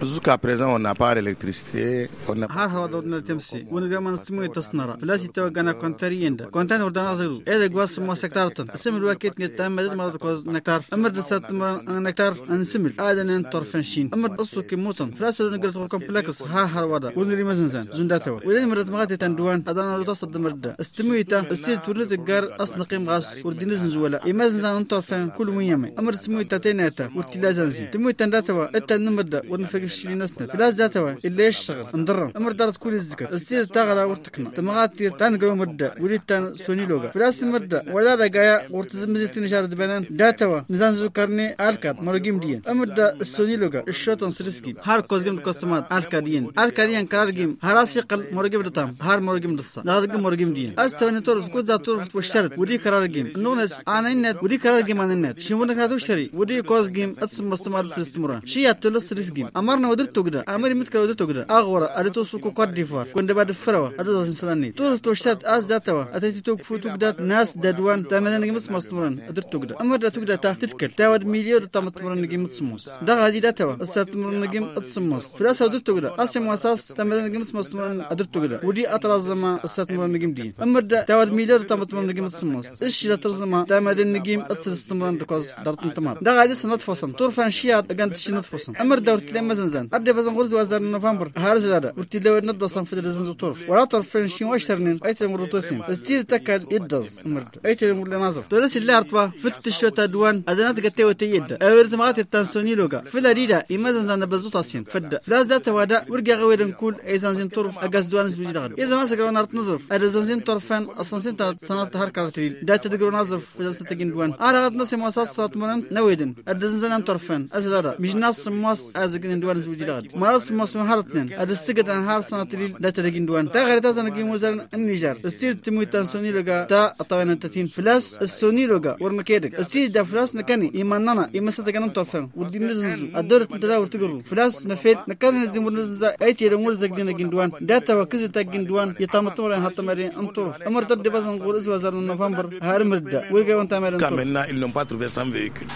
Jusqu'à présent, on n'a pas d'électricité. on Har hawa dod na temsi. Wani gaman simu tasnara. Filasi tawa gana kontariyenda. Kontan urdan azaru. Eda gwas mo sektartan. Simil wakit ngi tamad ma koz nektar. Amr dasat ma nektar un simil. Adan an torfanshin. Amr qassu ki mutan. Filasi dod ngilt qurqam flakas. Ha har wada. Wani li mazinzan. Zundatawa. Wani marad magati tanduan. Adan alu tasad marda. Istimuita. Istil turnit gar asnaqim gas. Urdin zinzuela. Imazinzan an torfan kul munyame. Amr simuita tenata. Urtilazanzi. Timuita ndatawa. Etta numarda. Wani fakir الشرين سنة لا زاتوا إلا يشتغل نضرم أمر دارت كل الذكر السيد تاغلا ورتقنا تمغات تير تان قلو مدة وليد تان سوني لوغا فلاس مدة ولا رقايا ورتزم زيت نشار دبنان داتوا ميزان زوكرني ألكاد مرقيم ديان أمر السوني لوغا الشوطن سرسكي هار كوزجم كوستمات ألكاديين ألكاديين كارجيم هراسي قل مرقيم دتام هار مرقيم دصا نارقيم مرقيم ديان أستواني تورف كوزا تورف وشترت ودي كارجيم نونس أنا ودي كارجيم أنا النت شري ودي كوزجيم أتسم مستمر سلستمران شيات تلس رسجيم أمر arna wadir tugda amari mid kale wadir tugda agwara ada to suku Cote d'Ivoire gonda bad frawa ada zasin salani to to shat as datawa atati to fu tugda nas dadwan tamadan gimis masmuran adir tugda amar da tugda ta titkal tawad milyo da tamatmuran gimis smus da gadi datawa asat muran gim atsmus filas adir tugda asim wasas tamadan gimis masmuran adir tugda ودي اترزما اسات مرن نجم دين اما دا تاود ميلر تمت مرن نجم تسموس ايش لا ترزما دا ما دين نجم اتسلس تمرن دكوز دارت تمام دا غادي سنت فصم تور فان شيات اغان تشي نت فصم امر دورت لما زن زنز أبدي بزن غرز وزر نوفمبر هارز لدا ورتي لود ند وصن في الزنز طرف ولا طرف فنشين واشترنين أيت المر توسين استير تكاد يدز مرد أيت المر لنظر تولس اللي أرتوا فتش شوتا دوان أدنات قتي وتيدا أورت مغات التنسوني لوغا في لريدا إما زن بزو تاسين فد سلاز ذات وادا ورقا غويدا نقول أي زن طرف أقاس دوان زبيد غد إذا ما سكرون أرت نظرف زن زنزين طرفان أصلا سنتا سنات هار كارتريل دات تدقرون نظر في زنزين تجين دوان أرغت نسي مؤسسات منن نويدن أدا زنزان طرفان أزلادا مش ناس مؤسس أزقن دوان دز وجلاد مصمم مسمو هذا السجد عن هار سنتليل لا تلقين دوان تا غير تازن كي موزر النيجر استير تموي تنسوني لغا تا اطوان تتين فلاس السوني لغا ورمكيدك استير دا فلاس نكاني ايماننا ايما ستكن توفر ودي نزنزو الدور تلا ورتقرو فلاس مفيد نكان نزم ونزز اي تي لمر زقدنا جندوان دا تا دوان تا جندوان حتى مرين انطرف امر تدبزن قول اس وزر نوفمبر هارمرد ويغا وانتامر كاملنا il n'ont pas trouvé 100 véhicules.